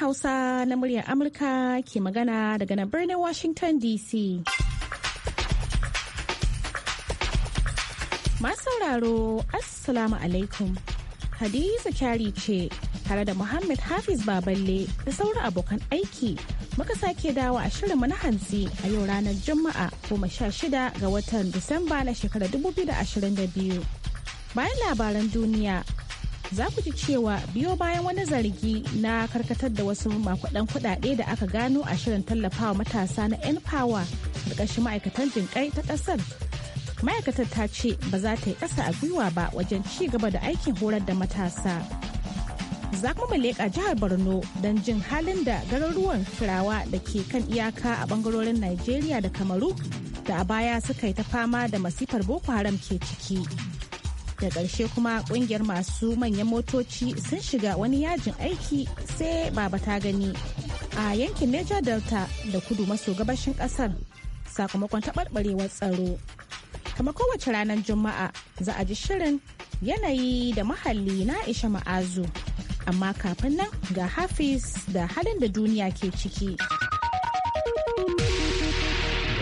Hausa na muryar Amurka ke magana daga nan birnin Washington DC. Masu sauraro, Assalamu alaikum. Hadiza kyari ce tare da Muhammad Hafiz Baballe da sauran abokan aiki muka sake dawo a shirinmu na hantsi a yau ranar Juma'a goma sha shida ga watan Disamba na shekarar 2022. Bayan labaran duniya za ku ji cewa biyo bayan wani zargi na karkatar da wasu makudan kuɗaɗe da aka gano a shirin tallafawa matasa na n power karkashin ma'aikatan jinkai ta kasar ma'aikatar ta ce ba za ta yi ƙasa a gwiwa ba wajen ci gaba da aikin horar da matasa za kuma leƙa jihar borno don jin halin da garuruwan firawa da ke kan iyaka a bangarorin nigeria da kamaru da a baya suka yi ta fama da masifar boko haram ke ciki. da ƙarshe kuma ƙungiyar masu manyan motoci sun shiga wani yajin aiki sai baba ta gani a yankin Niger Delta da kudu maso gabashin ƙasar sakamakon taɓarɓarewar tsaro. Kamar kowace ranar Juma'a za a ji shirin yanayi da mahalli na Aisha Ma'azu. Amma kafin nan ga Hafiz da halin da duniya ke ciki.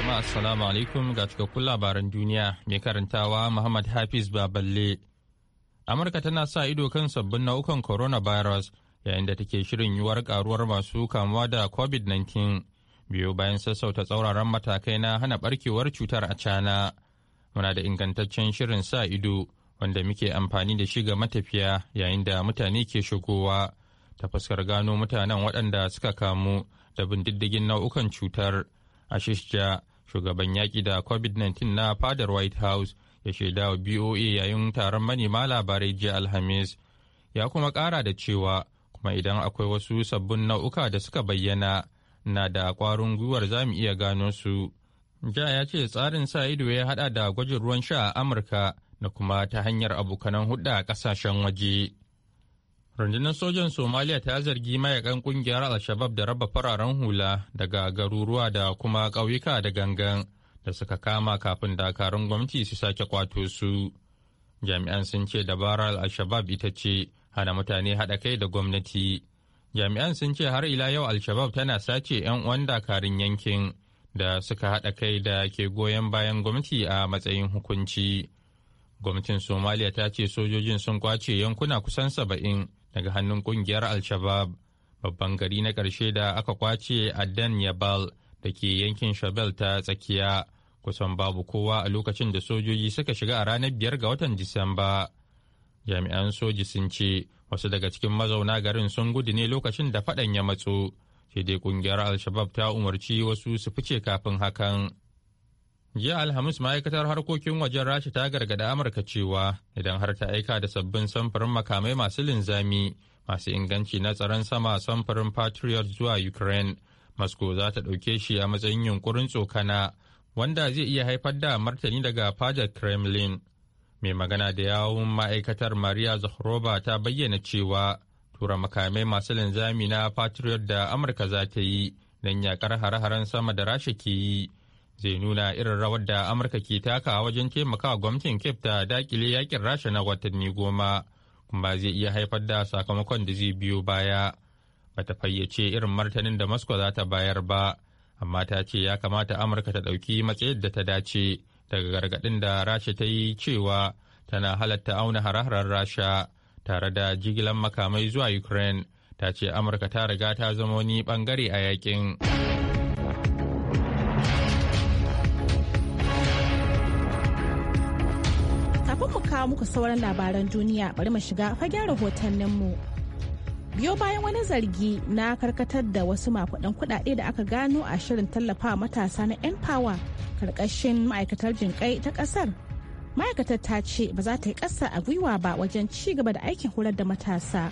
jama'a assalamu alaikum ga cikakkun labaran duniya mai karantawa Muhammad Hafiz Baballe. Amurka tana sa ido kan sabbin nau'ukan coronavirus yayin da take shirin yiwuwar karuwar masu kamuwa da COVID-19 biyu bayan sassauta tsauraran matakai na hana barkewar cutar a cana. Muna da ingantaccen shirin sa ido wanda muke amfani da shi ga matafiya yayin da mutane ke shigowa ta fuskar gano mutanen waɗanda suka kamu da bin nau'ukan cutar. a shugaban yaƙi da covid-19 na fadar white house ya shaida wa boa yayin taron manema labarai jiya alhamis ya kuma ƙara da cewa kuma idan akwai wasu sabbin nau'uka da suka bayyana na da ƙwarin gwiwar za mu iya gano su ja ya ce tsarin sa ido ya hada da gwajin ruwan sha a amurka da kuma ta hanyar abokanan hudda a ƙasashen waje rundunar sojan somaliya ta zargi mayakan kungiyar al-shabab da raba fararen hula daga garuruwa da kuma ƙauyuka da gangan da suka kama kafin dakarun gwamnati su sake kwato su jami'an sun ce dabarar al-shabab ita ce hana mutane haɗa kai da gwamnati jami'an sun ce har ila yau al-shabab tana sace 'yan uwan dakarun yankin da suka haɗa kai da ke goyon bayan gwamnati a matsayin hukunci gwamnatin somaliya ta ce sojojin sun kwace yankuna kusan saba'in daga hannun kungiyar al-shabab babban gari na ƙarshe da aka kwace a dan yabal da ke yankin shabel ta tsakiya kusan babu kowa a lokacin da sojoji suka shiga a ranar biyar ga watan disamba jami'an soji sun ce wasu daga cikin mazauna garin sun gudu ne lokacin da faɗan ya matso sai dai kungiyar al-shabab ta umarci wasu su fice kafin hakan jiya alhamis ma'aikatar harkokin wajen rasha ta gargada amurka cewa idan har ta aika da sabbin samfurin makamai masu linzami masu inganci na tsaron sama samfurin patriot zuwa ukraine moscow za ta ɗauke shi a matsayin yunkurin tsokana wanda zai iya haifar da martani daga fadar kremlin mai magana da yawun ma'aikatar maria zakharova ta bayyana cewa tura makamai masu linzami na patriot da amurka za ta yi don yaƙar hare-haren sama da rasha ke yi zai nuna irin rawar da amurka ke taka wajen taimakawa gwamnatin cape ta dakile yakin rasha na watanni goma kuma zai iya haifar da sakamakon da zai biyo baya bata fayyace irin martanin da moscow za ta bayar ba amma ta ce ya kamata amurka ta ɗauki matsayin da ta dace daga gargaɗin da rasha ta yi cewa tana halatta auna hare rasha tare da jigilar makamai zuwa ukraine ta ce amurka ta riga ta zama wani bangare a yakin. Kafin mu kawo muku sauran labaran duniya bari mu shiga fagen mu Biyo bayan wani zargi na karkatar da wasu makudan kudade da aka gano a shirin tallafa matasa na n power karkashin ma'aikatar jinkai ta ƙasar Ma'aikatar ta ce ba za ta yi ƙasa a gwiwa ba wajen ci gaba da aikin horar da matasa.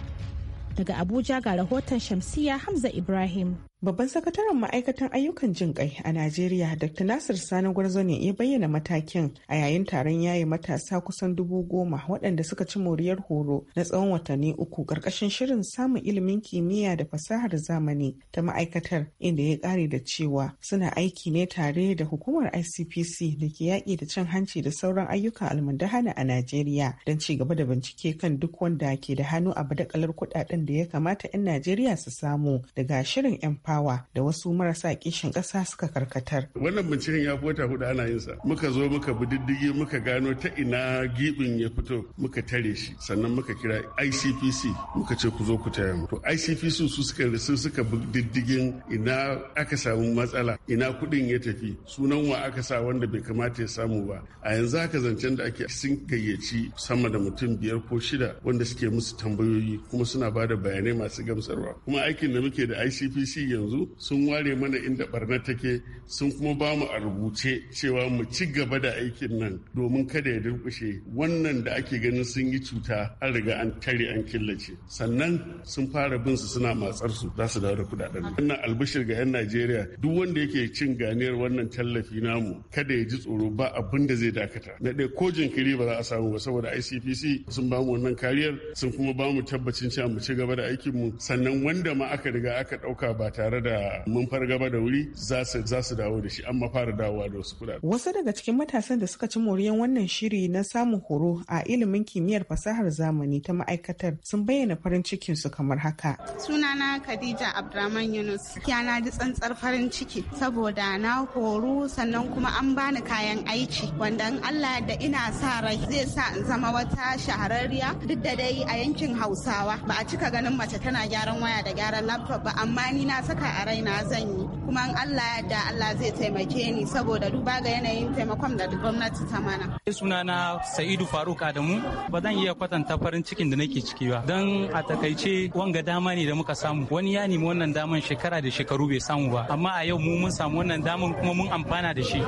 Daga Abuja ga rahoton Shamsiya Hamza Ibrahim. Babban sakataren ma'aikatan ayyukan jin kai a Najeriya Dr. Nasir Sani Gwarzo ne ya bayyana matakin a yayin taron yaye matasa kusan dubu goma waɗanda suka ci moriyar horo na tsawon watanni uku ƙarƙashin shirin samun ilimin kimiyya da fasahar zamani ta ma'aikatar inda ya ƙare da cewa suna aiki ne tare da hukumar ICPC da ke yaƙi da cin hanci da sauran ayyukan almundahana a Najeriya don ci gaba da bincike kan duk wanda ke da hannu a badakalar kuɗaɗen da ya kamata 'yan Najeriya su samu daga shirin 'yan power da wasu marasa kishin ƙasa suka karkatar. Wannan binciken ya fi wata hudu ana yinsa. Muka zo muka bi diddigi muka gano ta ina gibin ya fito muka tare shi sannan muka kira ICPC muka ce ku zo ku taya mu. To ICPC su suka sun suka bi diddigin ina aka samu matsala ina kuɗin ya tafi sunan wa aka sa wanda bai kamata ya samu ba. A yanzu haka zancen da ake sun gayyaci sama da mutum biyar ko shida wanda suke musu tambayoyi kuma suna ba da bayanai masu gamsarwa. Kuma aikin da muke da ICPC yanzu sun ware mana inda barna take sun kuma ba mu a rubuce cewa mu ci gaba da aikin nan domin kada ya durkushe wannan da ake ganin sun yi cuta an riga an tare an killace sannan sun fara bin su suna matsar su za su dawo da kudaden wannan albishir ga 'yan najeriya duk wanda yake cin ganiyar wannan tallafi namu kada ya ji tsoro ba abin da zai dakata na ɗaya ko jinkiri ba za a samu ba saboda icpc sun ba mu wannan kariyar sun kuma ba mu tabbacin cewa mu ci gaba da aikin mu sannan wanda ma aka riga aka ɗauka ba tare tare da mun fargaba da wuri za su dawo da shi an fara dawowa da wasu kudade. Wasu daga cikin matasan da suka ci moriyan wannan shiri na samun horo a ilimin kimiyyar fasahar zamani ta ma'aikatar sun bayyana farin cikin su kamar haka. Sunana Khadija Abdurrahman Yunus. Ya na ji tsantsar farin ciki saboda na horo sannan kuma an bani kayan aiki wanda Allah da ina sa rai zai sa in zama wata shahararriya duk da dai a yankin Hausawa ba a cika ganin mace tana gyaran waya da gyaran laptop ba amma ni na saka a raina zan yi kuma an Allah ya da Allah zai taimake ni saboda duba ga yanayin taimakon da gwamnati ta mana. suna na Sa'idu Faruk Adamu ba zan iya kwatanta farin cikin da nake ciki ba don a takaice wanga dama ne da muka samu wani ya nemi wannan daman shekara da shekaru bai samu ba amma a yau mu mun samu wannan daman kuma mun amfana da shi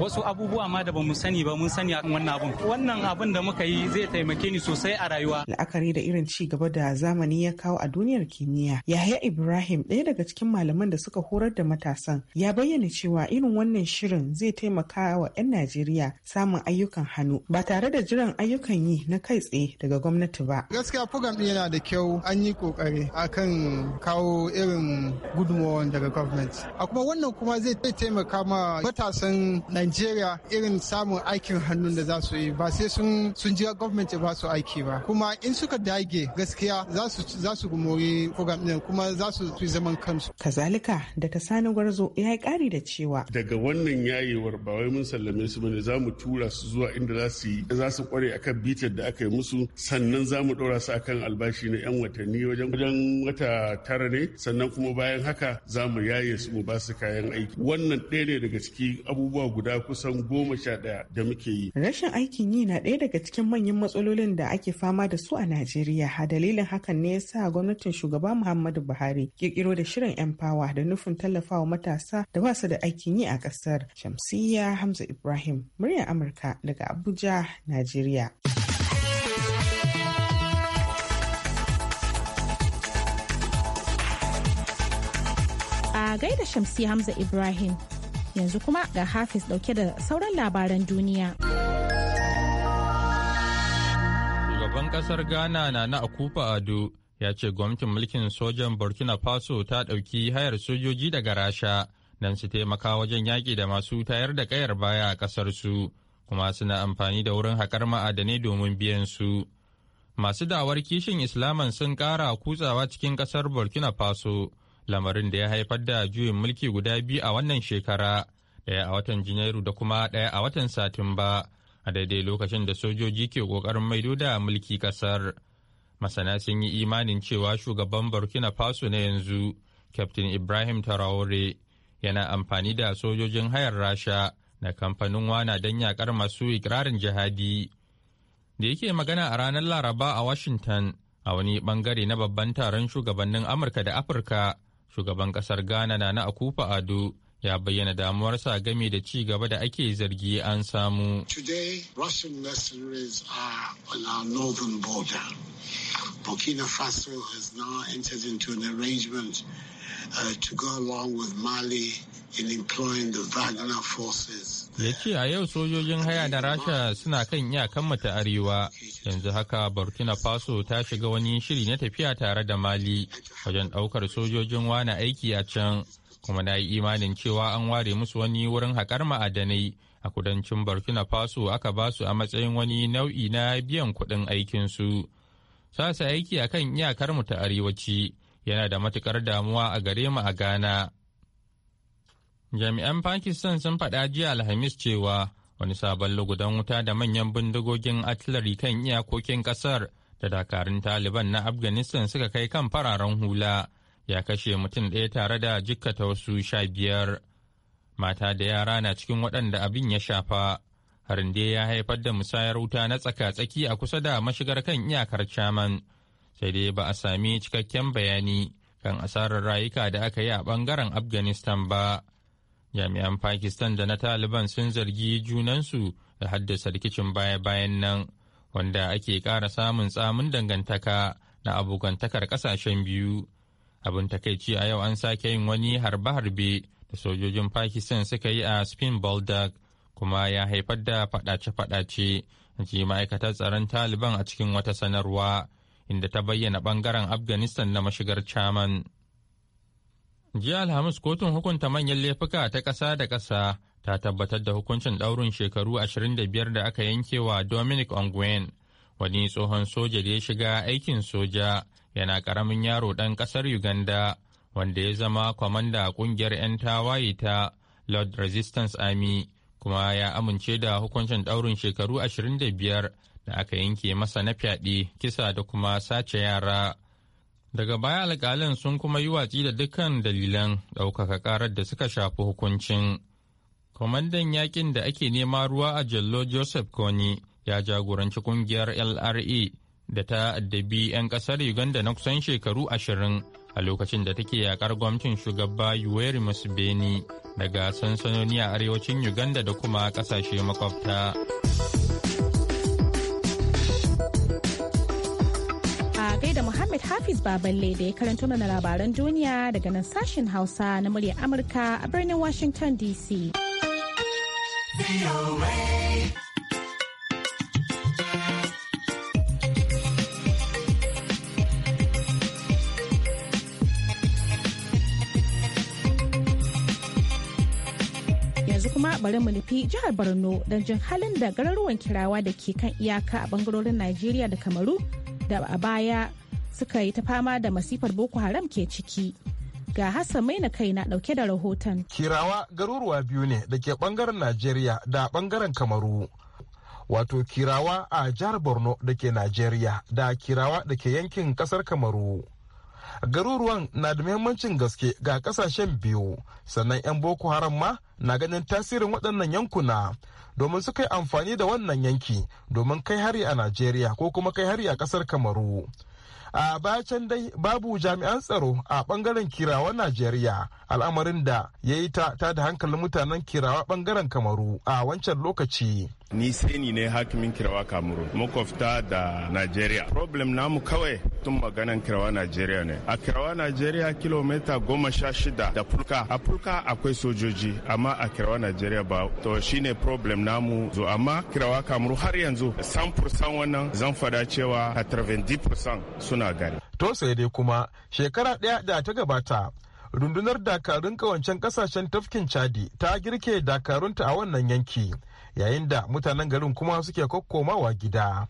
wasu abubuwa ma da bamu sani ba mun sani akan wannan abun wannan abun da muka yi zai taimake ni sosai a rayuwa. La'akari da irin ci gaba da zamani ya kawo a duniyar kimiyya Yahya Ibrahim ɗaya daga cikin malaman da suka horar da matasan ya bayyana cewa irin wannan shirin zai taimaka wa 'yan Najeriya samun ayyukan hannu ba tare da jiran ayyukan yi na kai tsaye daga gwamnati ba. Gaskiya program din yana da kyau an yi kokari akan kawo irin gudunmawar daga government A kuma wannan kuma zai taimaka ma matasan Najeriya irin samun aikin hannu da za su yi ba sai sun sun jira government ba su aiki ba. Kuma in suka dage gaskiya za su za su gumori program ɗin kuma za su zaman kansu. Kazalika da ta sani Sani Gwarzo ya yi ƙari da cewa. Daga wannan yayewar ba wai mun sallame su bane za mu tura su zuwa inda za su yi za su kware akan bitar da aka yi musu sannan za mu ɗora su akan albashi na 'yan watanni wajen wajen wata tara ne sannan kuma bayan haka za mu yaye su mu ba su kayan aiki. Wannan ɗaya ne daga ciki abubuwa guda kusan goma sha ɗaya da muke yi. Rashin aikin yi na ɗaya daga cikin manyan matsalolin da ake fama da su a Najeriya. Dalilin hakan ne ya sa gwamnatin shugaba Muhammadu Buhari kirkiro da shirin 'yan fawa da nufin tallafa taimakawa matasa da ba su da aikin yi a ƙasar. Shamsiyya Hamza Ibrahim, muryar Amurka daga Abuja, Najeriya. A gaida Shamsi Hamza Ibrahim, yanzu kuma ga Hafiz dauke da sauran labaran duniya. Shugaban kasar Ghana na na Akufa Ado ya ce gwamnatin mulkin sojan burkina faso ta ɗauki hayar sojoji daga rasha don su taimaka wajen yaƙi da masu tayar da ƙayar baya a ƙasarsu kuma suna amfani da wurin haƙar ma'adanai domin biyan su masu dawar kishin islaman sun ƙara kutsawa cikin ƙasar burkina faso lamarin da ya haifar da juyin mulki guda biyu a wannan shekara ɗaya a watan janairu da kuma ɗaya a watan satumba a daidai lokacin da sojoji ke ƙoƙarin maido da mulki ƙasar. masana sun yi imanin cewa shugaban burkina faso na yanzu captain ibrahim taraure yana amfani da sojojin hayar rasha na kamfanin wana don yakar masu ikirarin jihadi da yake magana a ranar laraba a washington a wani bangare na babban taron shugabannin amurka da afirka shugaban kasar ghana na na akufa ado ya bayyana damuwarsa game da ci gaba da ake zargi an samu. Today, Russian mercenaries are on our northern border. Burkina Faso has now entered into an arrangement uh, to go along with Mali in employing the Wagner forces. Ya ce a yau sojojin haya da Rasha suna kan iyakan mata arewa yanzu haka Burkina Faso ta shiga wani shiri na tafiya tare da Mali wajen daukar sojojin wana aiki a can kuma na yi imanin cewa an ware musu wani wurin haƙar ma'adanai a kudancin Burkina Faso aka basu a matsayin wani nau'i na biyan kuɗin aikinsu. su. sasa aiki a kan iyakarmu ta arewaci yana da matukar damuwa a gare mu a Ghana. Jami'an Pakistan sun faɗa jiya Alhamis cewa wani sabon lugudan wuta da manyan bindigogin artillery kan iyakokin ƙasar da dakarun Taliban na Afghanistan suka kai kan fararen hula ya kashe mutum ɗaya tare da jikkata wasu sha biyar. Mata da yara na cikin waɗanda abin ya shafa. harin ya haifar da musayar wuta na tsaka-tsaki a kusa da mashigar kan iyakar caman sai dai ba a sami cikakken bayani kan asarar rayuka da aka yi a bangaren afghanistan ba jami'an pakistan da na taliban sun zargi junansu da haddasa rikicin baya-bayan nan wanda ake ƙara samun tsamin dangantaka na abokantakar ƙasashen biyu abin takaici a yau an sake yin wani harbe-harbe da sojojin pakistan suka yi a spin baldak kuma ya haifar da faɗace-faɗace ji ma'aikatar tsaron taliban a cikin wata sanarwa inda ta bayyana bangaren afghanistan na mashigar chaman jiya alhamis kotun hukunta manyan laifuka ta ƙasa da ƙasa ta tabbatar da hukuncin ɗaurin shekaru 25 da aka yankewa dominic ongwen wani tsohon soja da ya shiga aikin soja yana ƙaramin yaro ɗan ƙasar uganda wanda ya zama kwamanda ƙungiyar 'yan tawaye ta lord resistance army kuma ya amince da hukuncin ɗaurin shekaru 25 da aka yanke masa na fyaɗe kisa da kuma sace yara daga baya alƙalin sun kuma yi watsi da dukkan dalilan ɗaukaka ƙarar da suka shafi hukuncin kwamandan yakin da ake nema ruwa a jello joseph kony ya jagoranci kungiyar lra da ta addabi 'yan ƙasar uganda na kusan shekaru ashirin a lokacin da take yakar gwamnatin shugaba yoweri musbeni. daga sansanoni a arewacin Uganda da kuma kasashe makwabta. gaida Muhammad Hafiz Baballe da ya karanto mana labaran duniya daga nan sashen Hausa na muryar Amurka a birnin Washington DC. bari mu nufi jihar Borno don jin halin da garuruwan kirawa da ke kan iyaka a bangarorin Najeriya da Kamaru da a baya suka yi ta fama da masifar Boko Haram ke ciki. ga Hassan Maina na dauke da rahoton. Kirawa garuruwa biyu ne da ke bangaren Najeriya da bangaren Kamaru. Wato Kirawa a jihar Borno da ke Najeriya da Kirawa da ke yankin kasar Kamaru. garuruwan na da muhimmancin gaske ga kasashen biyu sannan 'yan boko haram ma na ganin tasirin waɗannan yankuna domin su kai amfani da wannan yanki domin kai hari a najeriya ko kuma kai hari a ƙasar kamaru a bayan dai babu jami'an tsaro a bangaren kirawa najeriya al'amarin da ya yi ta da hankalin mutanen kirawa bangaren kamaru a wancan lokaci ni seni ne hakimin kirawa kamuru makwafta da nigeria problem namu kawai tun maganan kirawa nigeria ne a kirawa nigeria kilomita goma sha shida da fulka a fulka akwai sojoji amma a kirawa nigeria ba to shine problem namu zo amma kirawa kamuru har yanzu 100% wannan zan fada cewa 90% suna gari to sai dai kuma shekara daya da ta gabata rundunar dakarun kawancen kasashen tafkin chadi ta girke dakarunta a wannan yanki yayin da mutanen garin kuma suke kokkomawa gida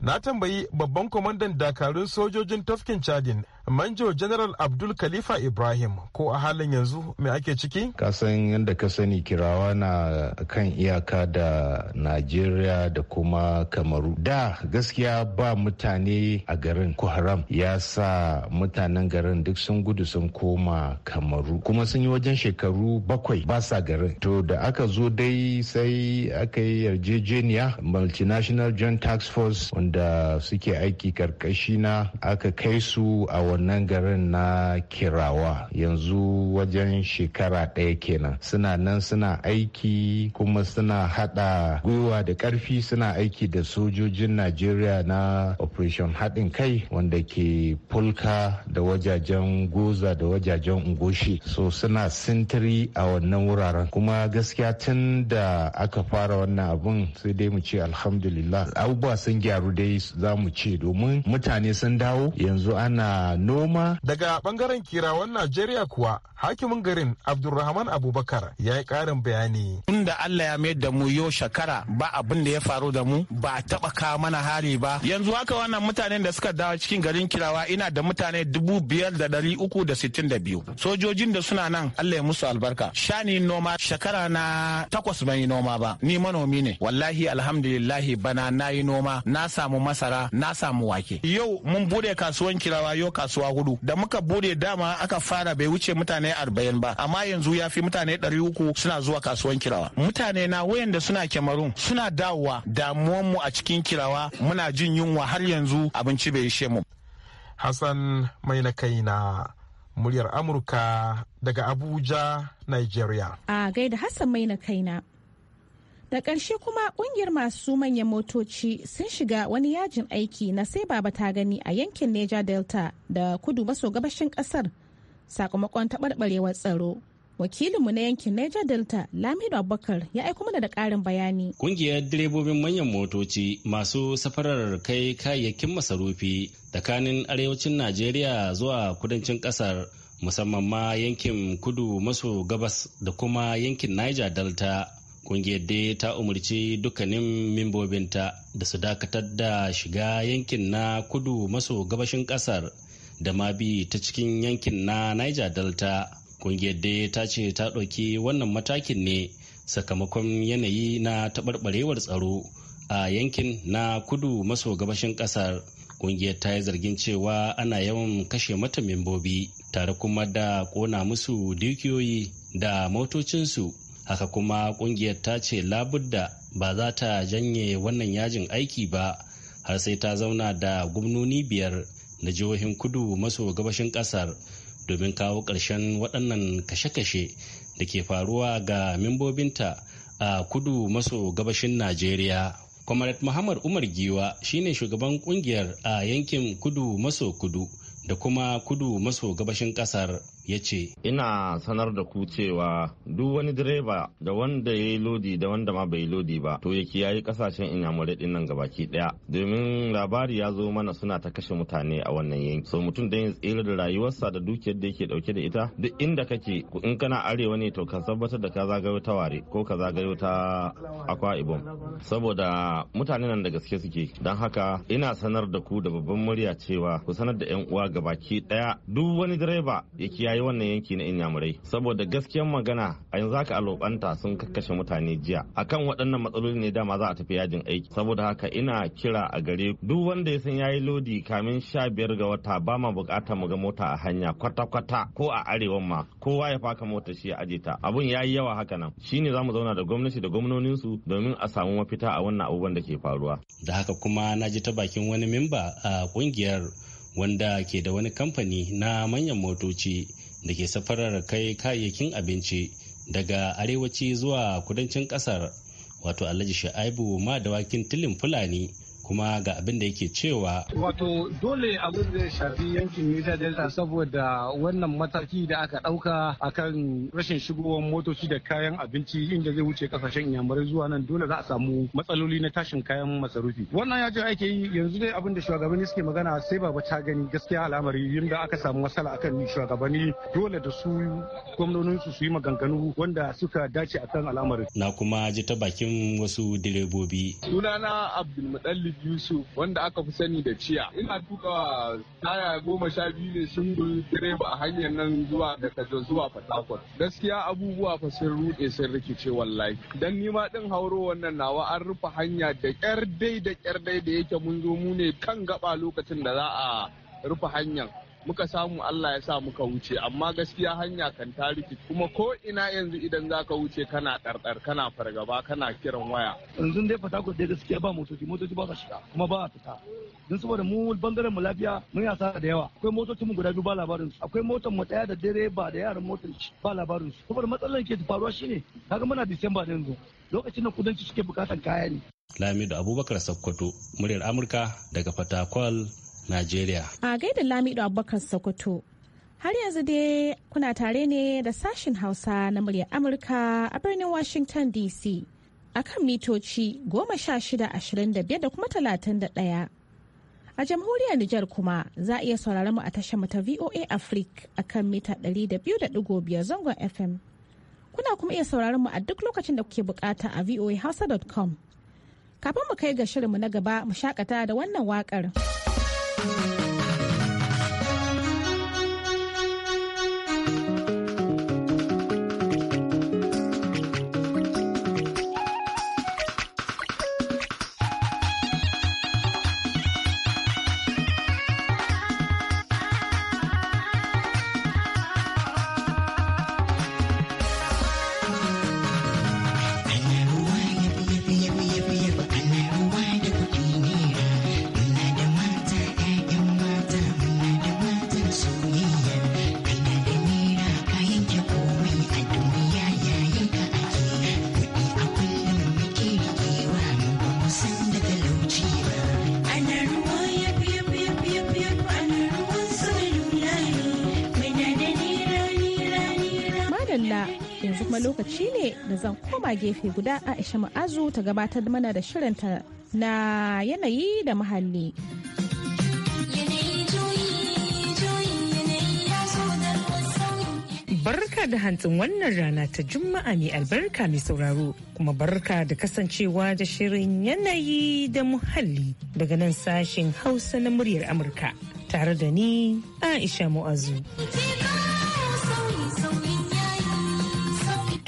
na tambayi babban kwamandan dakarun sojojin tafkin chadin Manjo General Abdul Khalifa Ibrahim ko a halin yanzu me ake ciki? Kasan yadda ka sani kirawa na kan iyaka da Najeriya da kuma Kamaru. Da gaskiya ba mutane a garin haram ya sa mutanen garin duk sun gudu sun koma Kamaru. Kuma sun yi wajen shekaru bakwai ba sa garin. To da aka zo dai sai aka yi yarjejeniya Multinational Joint Tax Force wanda suke aiki karkashi aka kai su a wannan garin na kirawa yanzu wajen shekara ɗaya kenan suna nan suna aiki kuma suna haɗa gwiwa da ƙarfi suna aiki da sojojin najeriya na operation haɗin kai wanda ke fulka da wajajen goza da wajajen ungoshi so suna sintiri a wannan wuraren kuma gaskiya tun da aka fara wannan abun sai dai mu ce alhamdulillah abubuwa sun gyaru dai za mu ce domin mutane sun dawo yanzu ana noma. Daga bangaren kirawan Najeriya kuwa hakimin garin Abdulrahman Abubakar ya yi ƙarin bayani. da Allah ya mayar da mu yo shakara ba abin da ya faru da mu ba taba ka mana hali ba yanzu haka wannan mutanen da suka dawo cikin garin kirawa ina da mutane dubu biyar da dari uku da sittin da biyu sojojin da suna nan Allah ya musu albarka shani noma shakara na takwas ban noma ba ni manomi ne wallahi alhamdulillahi bana na yi noma na samu masara na samu wake yau mun bude kasuwan kirawa yau kasuwa hudu da muka bude dama aka fara bai wuce mutane arba'in ba amma yanzu ya fi mutane ɗari uku suna zuwa kasuwan kirawa mutane na wayanda suna kyamarun suna dawowa damuwan mu a cikin kirawa muna jin yunwa har yanzu abinci bai ishe mu hassan mai na kaina muryar amurka daga abuja nigeria a gaida hassan mai na kaina da ƙarshe kuma ƙungiyar masu manyan motoci sun shiga wani yajin aiki na sai baba ta gani a yankin neja delta da kudu maso gabashin ƙasar sakamakon taɓarɓarewar tsaro wakilinmu na yankin Niger Delta Lamido Abubakar ya aiko mana da karin bayani. Kungiyar direbobin manyan motoci masu safarar kai kayayyakin masarufi tsakanin arewacin Najeriya zuwa kudancin ƙasar musamman ma yankin kudu maso gabas da kuma yankin Niger Delta. Kungiyar dai ta umarci dukkanin mimbobinta da su dakatar da shiga yankin na kudu maso gabashin ƙasar da ma bi ta cikin yankin na Niger Delta. Ƙungiyar dai ta ce ta ɗauki wannan matakin ne sakamakon yanayi na taɓarɓarewar tsaro a yankin na kudu maso gabashin ƙasar. Ƙungiyar ta yi zargin cewa ana yawan kashe mata membobi tare kuma da ƙona musu dukiyoyi da motocinsu. Haka kuma ƙungiyar ta ce labudda ba za ta janye wannan yajin aiki ba har sai ta zauna da gwamnoni biyar na jihohin kudu maso gabashin ƙasar. domin kawo ƙarshen waɗannan kashe-kashe da ke faruwa ga membobinta a kudu maso gabashin najeriya comrade muhammad umar giwa shine shugaban kungiyar a yankin kudu maso kudu da kuma kudu maso gabashin ƙasar ya ce ina sanar da ku cewa duk wani direba da wanda ya yi lodi da wanda ma bai lodi ba to ya kiyaye kasashen inyamurai din nan gabaki daya domin labari ya zo mana suna ta kashe mutane a wannan yanki so mutum da ya tsira da rayuwarsa da dukiyar da yake dauke da ita duk inda kake in kana arewa ne to ka tabbatar da ka zagayo ta ware ko ka zagayo ta akwa ibom saboda mutane nan da gaske suke don haka ina sanar da ku da babban murya cewa ku sanar da yan uwa gabaki daya duk wani direba ya kiyaye yi wannan yanki na inyamurai saboda gaskiyan magana a yanzu haka alobanta sun kakkashe mutane jiya akan waɗannan matsaloli ne dama za a tafi yajin aiki saboda haka ina kira a gare duk wanda ya san ya yi lodi kamin sha biyar ga wata ba ma bukatar mu ga mota a hanya kwata-kwata ko a arewa ma kowa ya faka mota shi ya aje ta abun ya yi yawa haka nan shine mu zauna da gwamnati da su domin a samu mafita a wannan abubuwan da ke faruwa da haka kuma na ji ta bakin wani memba a kungiyar wanda ke da wani kamfani na manyan motoci da ke safarar kai kayayyakin abinci daga arewaci zuwa kudancin kasar wato alhaji sha'aibu ma dawakin tilin fulani kuma ga abin da yake cewa wato dole abin ya shafi yankin nisa delta saboda wannan mataki da aka dauka akan rashin shigowar motoci da kayan abinci inda zai wuce kasashen inyamurai zuwa nan dole za a samu matsaloli na tashin kayan masarufi wannan ya yajin ake yi yanzu dai abin da shugabanni suke magana sai ba ta gani gaskiya al'amari yadda aka samu matsala akan shugabanni dole da su gwamnonin su yi maganganu wanda suka dace akan al'amarin na kuma ji ta bakin wasu direbobi sunana abdulmutallib Yusuf wanda aka fi sani da Ciya. Ina tuka taya goma sha biyu ne bi direba a hanyar nan zuwa daga Jos zuwa Fatakwal. Gaskiya abubuwa fa sun rude sun rikice wallahi. Dan ni ma din hauro wannan nawa an rufe hanya da kyar dai da kyar dai da yake mun zo mu ne kan gaba lokacin da za a rufe hanyar. muka samu Allah ya sa muka wuce amma gaskiya hanya kan ta rikici kuma ko ina yanzu idan za ka wuce kana ɗarɗar kana fargaba kana kiran waya yanzu dai fatakul dai gaskiya ba motoci motoci ba ka shiga kuma ba a fita don saboda mu bangaren mu lafiya mun yi asara da yawa akwai motocin mu guda biyu ba labarin su akwai motar mu daya da direba da yaran motar shi ba labarin su saboda matsalar ke faruwa shine kaga muna Disamba da yanzu lokacin da kudanci suke bukatan kaya ne Lamido Abubakar Sokoto muryar Amurka daga Fatakwal Najeriya. A gaida Lamido Abubakar Sokoto. Har yanzu dai kuna tare ne da sashin Hausa na murya Amurka a birnin Washington DC. A kan mitoci goma sha shida ashirin da biyar da kuma talatin da ɗaya. A jamhuriyar Nijar kuma za a iya sauraron mu a tashar ta VOA Africa a kan mita ɗari da biyu da ɗigo biyar zangon FM. Kuna kuma iya sauraron mu a duk lokacin da kuke bukata a voahausa.com. Kafin mu kai ga shirinmu na gaba mu shakata da wannan waƙar. Thank mm. you. kuma lokaci ne da zan koma gefe guda Aisha Ma'azu ta gabatar mana da shirinta na yanayi da muhalli. Barka da hantsin wannan rana ta Juma'a mai albarka mai sauraro kuma barka da kasancewa da shirin yanayi da muhalli daga nan sashen Hausa na muryar Amurka tare da ni Aisha Mu'azu.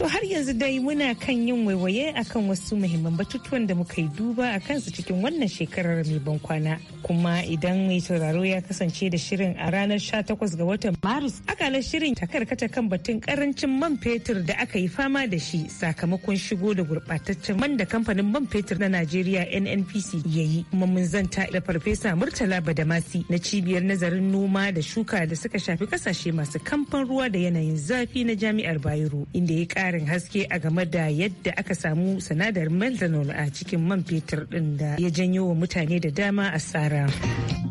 to yanzu dai muna kan yin waiwaye akan wasu muhimman batutuwan da muka yi duba a kansu cikin wannan shekarar mai ban kwana. Kuma idan mai tauraro ya kasance da shirin a ranar 18 ga watan Maris, akalar shirin ta kan batun karancin man fetur da aka yi fama da shi sakamakon shigo da gurbataccen man da kamfanin man fetur na Najeriya NNPC ya yi. Kuma mun zanta da farfesa Murtala Badamasi na cibiyar nazarin noma da shuka da suka shafi kasashe masu kamfan ruwa da yanayin zafi na jami'ar Bayero inda ya ƙarin haske a game da yadda aka samu sinadarin methanol a cikin man fetur din da ya janyo wa mutane da dama asara.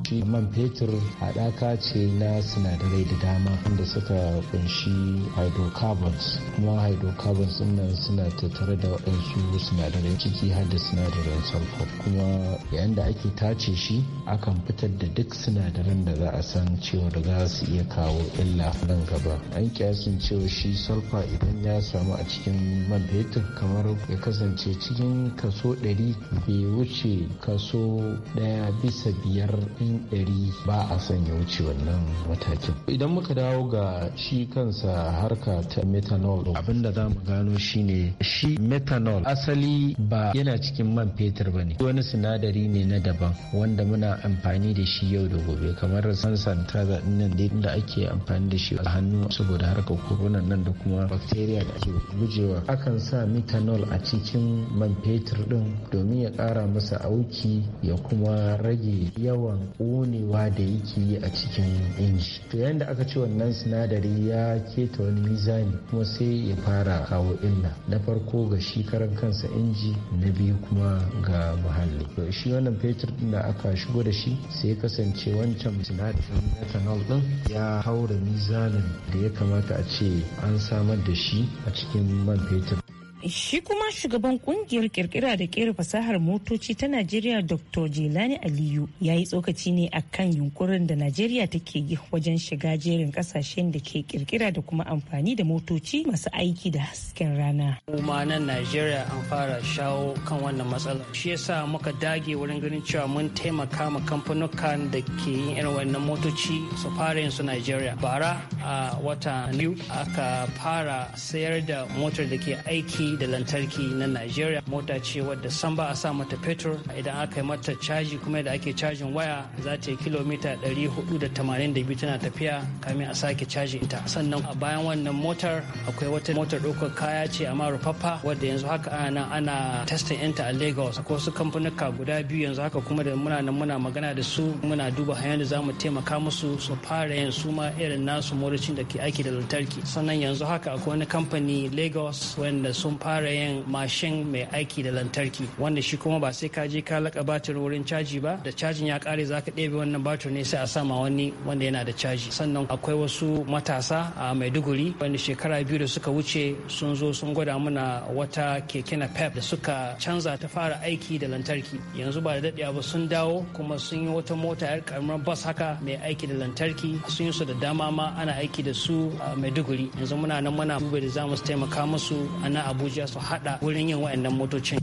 shi man fetur haɗaka ce na sinadarai da dama inda suka kunshi hydrocarbons kuma hydrocarbons nan suna tattare da waɗansu sinadarai ciki har da sinadarin sulfur kuma yayin da ake tace shi akan fitar da duk sinadaran da za a san cewa da za su iya kawo illa nan gaba an kiyasin cewa shi sulfur idan ya samu a cikin cikin man fetur kamar ya kasance cikin kaso 100 bai wuce kaso ɗaya bisa biyar in 100 ba a sanya wuce wannan matakin idan muka dawo ga shi kansa harka ta methanol abinda za mu gano shine shi methanol asali ba yana cikin man fetur ba ne wani sinadari ne na daban wanda muna amfani da shi yau da gobe kamar santa da nan da ake amfani da shi a hannu saboda harkar corona nan da kuma bacteria da ake gujewa akan sa methanol a cikin man fetur din domin ya kara masa auki ya kuma rage yawan ƙonewa da yake yi a cikin inji to yadda aka ce wannan sinadari ya keta wani mizani kuma sai ya fara kawo illa na farko ga shi karan kansa inji na biyu kuma ga muhalli to shi wannan fetur din da aka shigo da shi sai kasance wancan sinadarin methanol din ya haura mizanin da ya kamata a ce an samar da shi a cikin 慢陪着。Shi kuma shugaban kungiyar kirkira da kera fasahar motoci ta Najeriya Dr. Jelani Aliyu ya yi tsokaci ne a kan yunkurin da Najeriya take yi wajen shiga jerin kasashen da ke kirkira da kuma amfani da motoci masu aiki da hasken rana. Kuma nan Najeriya an fara shawo kan wannan matsala. Shi yasa muka dage wurin ganin cewa mun taimaka ma kamfanukan da ke yin irin wannan motoci su fara yin su Najeriya. Bara a wata biyu aka fara sayar da motar da ke aiki da lantarki na Najeriya mota ce wadda san ba a sa mata fetur idan aka yi mata caji kuma da ake cajin waya za ta yi kilomita 482 tana tafiya kamin a sake caji ta sannan a bayan wannan motar akwai wata motar ɗaukar kaya ce a rufaffa wadda yanzu haka ana ana testin yanta a Lagos ko su kamfanuka guda biyu yanzu haka kuma da muna nan muna magana da su muna duba hanyar da za mu taimaka musu su fara yin su ma irin nasu motocin da ke aiki da lantarki sannan yanzu haka akwai wani kamfani Lagos wanda sun fara yin mashin mai aiki da lantarki wanda shi kuma ba sai ka je ka laka batir wurin caji ba da cajin ya kare za ka ɗebe wannan batir ne sai a sama wani wanda yana da caji sannan akwai wasu matasa a maiduguri wanda shekara biyu da suka wuce sun zo sun gwada mana wata keke na pep da suka canza ta fara aiki da lantarki yanzu ba da daɗewa ba sun dawo kuma sun yi wata mota yar karamar bas haka mai aiki da lantarki sun yi su da dama ma ana aiki da su a maiduguri yanzu muna nan muna duba da za mu taimaka musu a na abuja abuja su hada wurin yin wa'annan motocin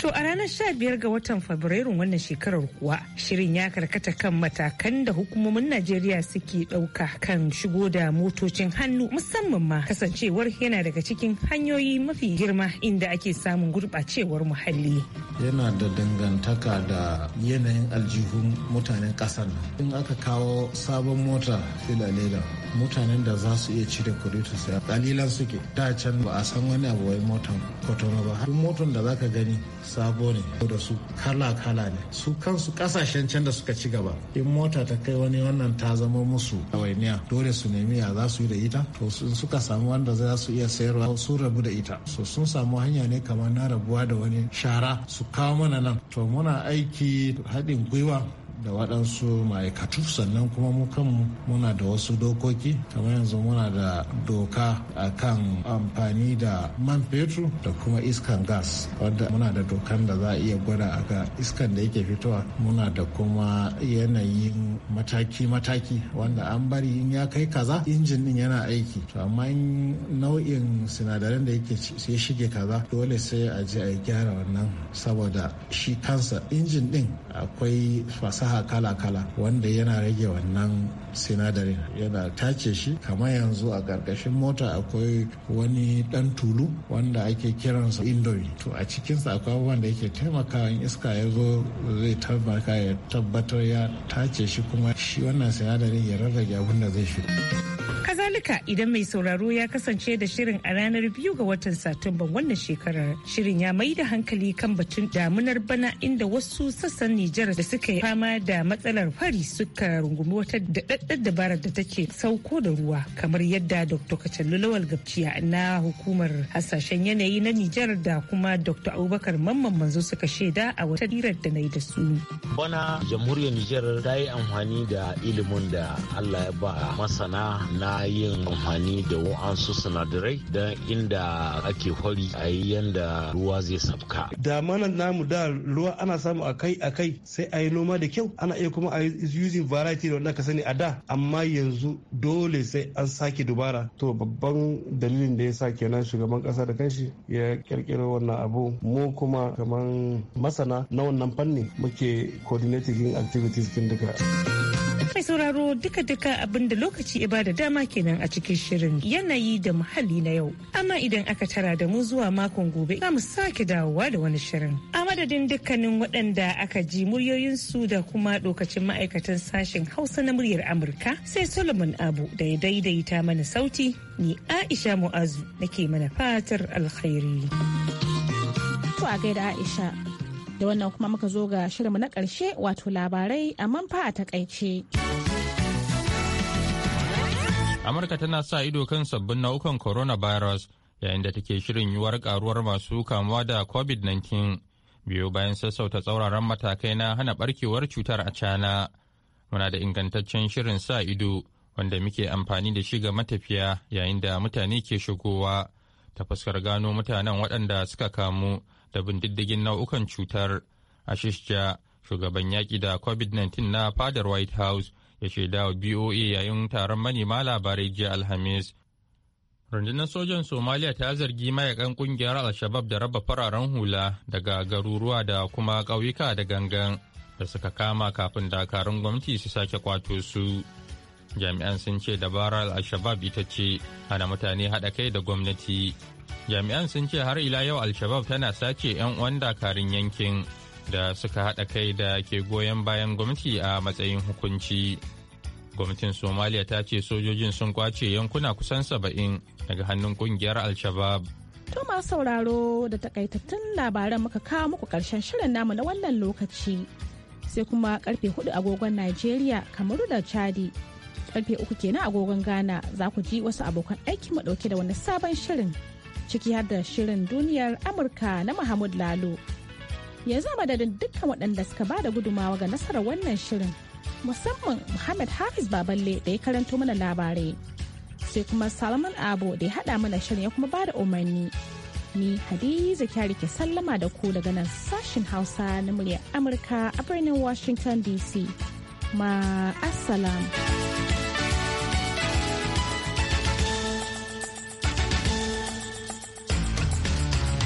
To a ranar sha biyar ga watan Fabrairun wannan shekarar kuwa shirin ya karkata kan matakan da hukumomin Najeriya suke ɗauka kan shigo da motocin hannu musamman ma kasancewar yana daga cikin hanyoyi mafi girma inda ake samun gurɓacewar muhalli. Yana da dangantaka da yanayin aljihun mutanen ƙasar. In aka kawo sabon mota fila leda mutanen da za su iya cire kuɗi su saya dalilan suke da can ba a san wani abu wai motan kotono ba duk motan da zaka gani sabo ne da su kala kala ne su kansu kasashen can da suka ci gaba in mota ta kai wani wannan ta zama musu hawainiya dole su nemi ya za su yi da ita to sun suka samu wanda za su iya sayarwa su rabu da ita so sun samu hanya ne kamar na rabuwa da wani shara su kawo mana nan to muna aiki haɗin gwiwa da waɗansu ma'aikatu sannan kuma mu kanmu muna da wasu dokoki kamar yanzu muna da doka a kan amfani da man fetur da kuma iskan gas wanda muna da dokan da za a iya gwada a ga iskan da yake fitowa muna da kuma yanayin mataki-mataki wanda an bari in ya kai kaza injin din yana aiki to amma nau'in sinadaran da yake sai shige kaza dole sai a je a gyara wannan saboda shi kansa injin din akwai fasaha fasaha kala-kala wanda yana rage wannan sinadarin yana tace shi kamar yanzu a ƙarƙashin mota akwai wani ɗan tulu wanda ake kiransa indomi to a cikinsa akwai abubuwan da yake taimakawa iska ya zo zai taimaka ya tabbatar ya tace shi kuma shi wannan sinadarin ya rarrage abin da zai shiga Kazalika idan mai sauraro ya kasance da shirin a ranar biyu ga watan satumba wannan shekarar shirin ya mai da hankali kan batun damunar bana inda wasu sassan Nijar da suka yi fama da matsalar fari suka rungumi wata daɗaɗɗar dabarar da take sauko da ruwa kamar yadda Dr. Kacallu Lawal Gabciya na hukumar hasashen yanayi na Nijar da kuma Dr. Abubakar Mamman Manzo suka shaida a wata hirar da na yi da su. Bana jamhuriyar Nijar ta yi amfani da ilimin da Allah ya ba masana na yin amfani da wa'ansu sinadarai don inda ake hori a yi yanda ruwa zai sabka. Da mana namu da ruwa ana samu a kai a kai sai a yi noma da kyau ana iya kuma a yi using variety da wanda ka sani a da amma yanzu dole sai an sake dubara to babban dalilin da ya sa kenan shugaban kasa da kanshi ya kirkiro wannan abu mu kuma kamar masana na wannan fanni muke coordinating activities din duka. Mai sauraro duka-duka abinda lokaci ibada dama kenan a cikin shirin yanayi da muhalli na yau. Amma idan aka tara da mu zuwa makon gobe za mu sake dawowa da wani shirin. A madadin dukkanin waɗanda aka ji muryoyinsu da kuma lokacin ma'aikatan sashen Hausa na muryar Amurka sai Solomon Abu da ya daidaita mana sauti ni Aisha Mu'azu nake mana fatar alkhairi. ku a gaida Aisha. da wannan kuma muka zo ga shirinmu na ƙarshe wato labarai a manfa a takaice. amurka tana sa ido kan sabbin nau'ukan coronavirus yayin da take shirin yiwuwar karuwar masu kamuwa da covid-19 biyo bayan sassauta tsauraran matakai na hana barkewar cutar a cana muna da ingantaccen shirin sa ido wanda muke amfani da shi ga matafiya yayin da mutane ke shigowa ta fuskar gano mutanen waɗanda suka kamu da bindiddigin nau'ukan cutar ashish shugaban yaƙi da covid-19 na fadar white house ya shaida wa boa yayin taron manema labarai jiya alhamis rundunar sojan somaliya ta zargi mayakan kungiyar al-shabab da raba fararen hula daga garuruwa da kuma ƙauyuka da gangan da suka kama kafin dakarun gwamnati su sake kwato su jami'an sun ce dabarar al-shabab ita ce hana mutane haɗa kai da gwamnati jami'an sun ce har ila yau alshabab tana sace 'yan uwan dakarun yankin da suka haɗa kai da ke goyon bayan gwamnati a matsayin hukunci gwamnatin somaliya ta ce sojojin sun kwace yankuna kusan saba'in daga hannun kungiyar alshabab To masu sauraro da takaitattun labaran muka kawo muku karshen shirin namu na wannan lokaci. Sai kuma karfe hudu agogon nigeria Kamaru da Chadi. Karfe uku kenan agogon Ghana za ku ji wasu abokan aiki mu dauke da wani sabon shirin. ciki har da shirin duniyar Amurka na Mahmud Lalo. Yanzu madadin dukkan waɗanda suka ba da gudumawa ga nasarar wannan shirin musamman Muhammad Hafiz Baballe da ya karanto mana labarai. Sai kuma Salman Abu da ya haɗa mana shirin ya kuma ba da umarni. Ni Hadiza Kyari ke sallama da ku daga nan sashin Hausa na muryar Amurka a birnin Washington DC. assalamu